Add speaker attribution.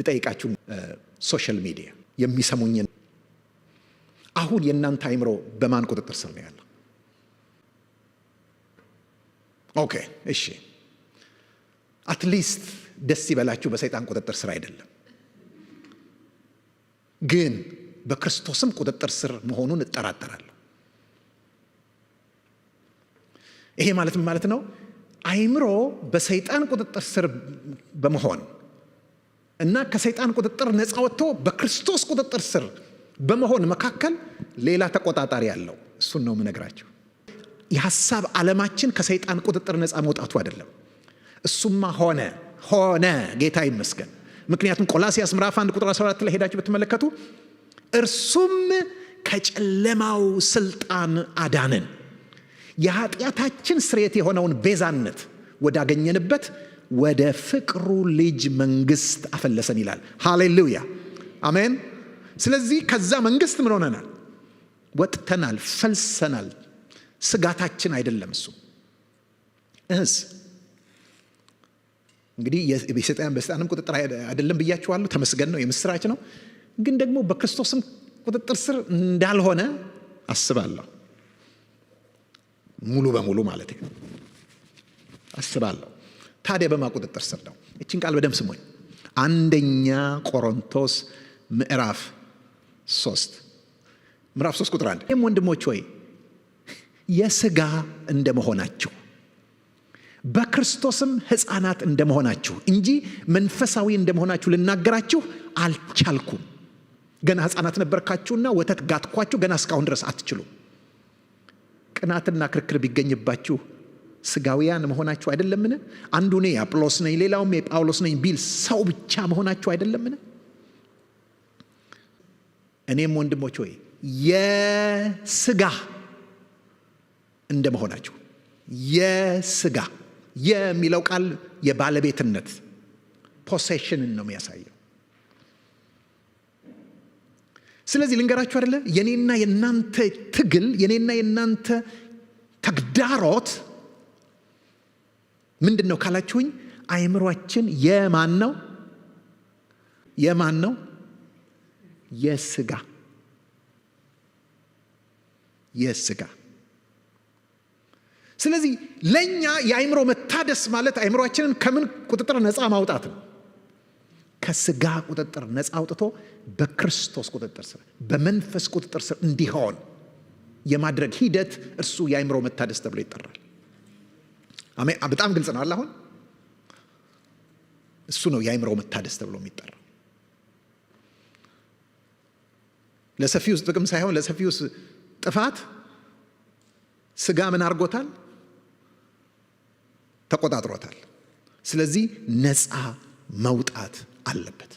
Speaker 1: ልጠይቃችሁ፣ ሶሻል ሚዲያ የሚሰሙኝን አሁን የእናንተ አይምሮ በማን ቁጥጥር ስር ነው ያለው? ኦኬ እሺ፣ አትሊስት ደስ ይበላችሁ፣ በሰይጣን ቁጥጥር ስር አይደለም። ግን በክርስቶስም ቁጥጥር ስር መሆኑን እጠራጠራለሁ። ይሄ ማለት ምን ማለት ነው? አይምሮ በሰይጣን ቁጥጥር ስር በመሆን እና ከሰይጣን ቁጥጥር ነፃ ወጥቶ በክርስቶስ ቁጥጥር ስር በመሆን መካከል ሌላ ተቆጣጣሪ ያለው እሱን ነው የምነግራቸው። የሀሳብ ዓለማችን ከሰይጣን ቁጥጥር ነፃ መውጣቱ አይደለም። እሱማ ሆነ ሆነ፣ ጌታ ይመስገን። ምክንያቱም ቆላሲያስ ምዕራፍ 1 ቁጥር 14 ላይ ሄዳችሁ ብትመለከቱ እርሱም ከጨለማው ስልጣን አዳነን የኃጢአታችን ስርየት የሆነውን ቤዛነት ወዳገኘንበት ወደ ፍቅሩ ልጅ መንግስት አፈለሰን ይላል። ሃሌሉያ አሜን። ስለዚህ ከዛ መንግስት ምን ሆነናል? ወጥተናል፣ ፈልሰናል። ስጋታችን አይደለም እሱ እስ እንግዲህ የሰይጣን በስጣንም ቁጥጥር አይደለም ብያችኋለሁ። ተመስገን ነው፣ የምስራች ነው። ግን ደግሞ በክርስቶስም ቁጥጥር ስር እንዳልሆነ አስባለሁ። ሙሉ በሙሉ ማለት አስባለሁ። ታዲያ በማ ቁጥጥር ስር ነው? እችን ቃል በደም ስሞኝ አንደኛ ቆሮንቶስ ምዕራፍ ሶስት ምዕራፍ ሶስት ቁጥር አንድ ይህም ወንድሞች ሆይ የስጋ እንደመሆናችሁ በክርስቶስም ሕፃናት እንደመሆናችሁ እንጂ መንፈሳዊ እንደመሆናችሁ ልናገራችሁ አልቻልኩም። ገና ሕፃናት ነበርካችሁና ወተት ጋትኳችሁ፣ ገና እስካሁን ድረስ አትችሉም። ቅናትና ክርክር ቢገኝባችሁ ስጋውያን መሆናችሁ አይደለምን? አንዱ እኔ የአጵሎስ ነኝ ሌላውም የጳውሎስ ነኝ ቢል ሰው ብቻ መሆናችሁ አይደለምን? እኔም ወንድሞች ሆይ የስጋ እንደ መሆናችሁ የስጋ የሚለው ቃል የባለቤትነት ፖሴሽንን ነው የሚያሳየው። ስለዚህ ልንገራችሁ አይደለ የኔና የእናንተ ትግል የኔና የእናንተ ተግዳሮት ምንድን ነው ካላችሁኝ፣ አይምሯችን የማን ነው? የማን ነው? የስጋ የስጋ። ስለዚህ ለእኛ የአይምሮ መታደስ ማለት አይምሯችንን ከምን ቁጥጥር ነፃ ማውጣት ነው? ከስጋ ቁጥጥር ነፃ አውጥቶ በክርስቶስ ቁጥጥር ስር በመንፈስ ቁጥጥር ስር እንዲሆን የማድረግ ሂደት እርሱ የአይምሮ መታደስ ተብሎ ይጠራል። በጣም ግልጽ ነው አለ አሁን እሱ ነው የአይምሮ መታደስ ተብሎ ለሰፊ ውስጥ ጥቅም ሳይሆን ውስጥ ጥፋት ስጋ ምን አድርጎታል? ተቆጣጥሮታል። ስለዚህ ነፃ መውጣት አለበት።